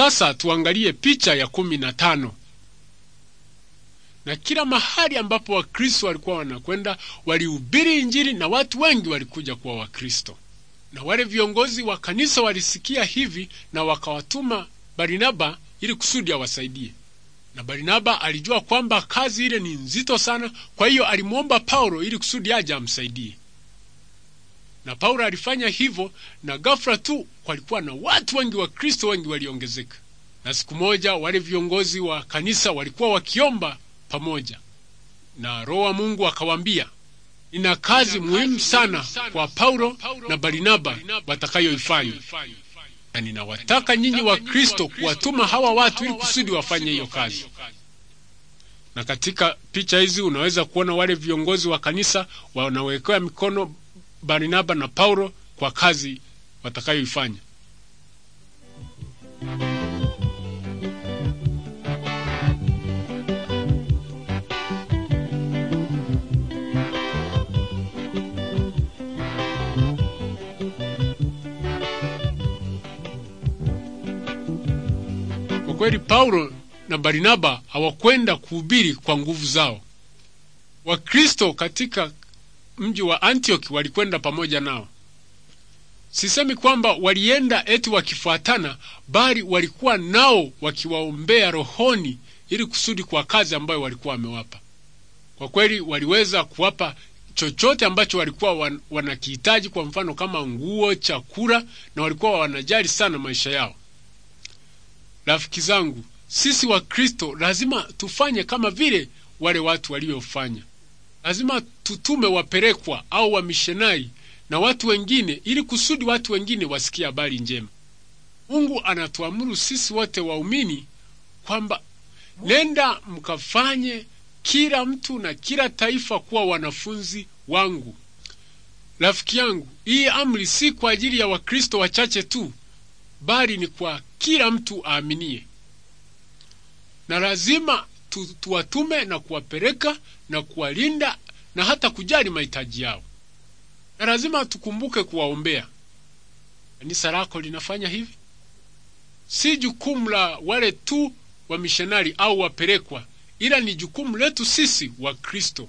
Sasa tuangalie picha ya kumi na tano. Na kila mahali ambapo Wakristo walikuwa wanakwenda walihubiri Injili, na watu wengi walikuja kuwa Wakristo. Na wale viongozi wa kanisa walisikia hivi, na wakawatuma Barnaba ili kusudi awasaidie. Na Barnaba alijua kwamba kazi ile ni nzito sana, kwa hiyo alimwomba Paulo ili kusudi aje amsaidie na Paulo alifanya hivyo, na ghafla tu walikuwa na watu wengi wa Kristo wengi waliongezeka. Na siku moja wale viongozi wa kanisa walikuwa wakiomba pamoja, na Roho wa Mungu akawaambia, nina kazi muhimu sana kwa Paulo na Barnaba watakayoifanya, na ninawataka nyinyi wa Kristo kuwatuma hawa watu ili kusudi wafanye hiyo kazi. Na katika picha hizi unaweza kuona wale viongozi wa kanisa wanawekewa mikono Barnaba na Paulo kwa kazi watakayoifanya. Kwa kweli Paulo na Barnaba hawakwenda kuhubiri kwa nguvu zao. Wakristo katika mji wa Antioki walikwenda pamoja nao. Sisemi kwamba walienda eti wakifuatana, bali walikuwa nao wakiwaombea rohoni, ili kusudi kwa kazi ambayo walikuwa wamewapa. Kwa kweli waliweza kuwapa chochote ambacho walikuwa wanakihitaji, kwa mfano kama nguo, chakula, na walikuwa wanajali sana maisha yao. Rafiki zangu, sisi Wakristo lazima tufanye kama vile wale watu waliofanya. Lazima tutume wapelekwa au wamishonari na watu wengine, ili kusudi watu wengine wasikie habari njema. Mungu anatuamuru sisi wote waumini kwamba nenda mkafanye kila mtu na kila taifa kuwa wanafunzi wangu. Rafiki yangu, hii amri si kwa ajili ya Wakristo wachache tu, bali ni kwa kila mtu aaminie, na lazima tu, tuwatume na kuwapeleka na kuwalinda na hata kujali mahitaji yao, na lazima tukumbuke kuwaombea. Kanisa lako linafanya hivi? Si jukumu la wale tu wamishonari au wapelekwa, ila ni jukumu letu sisi wa Kristo.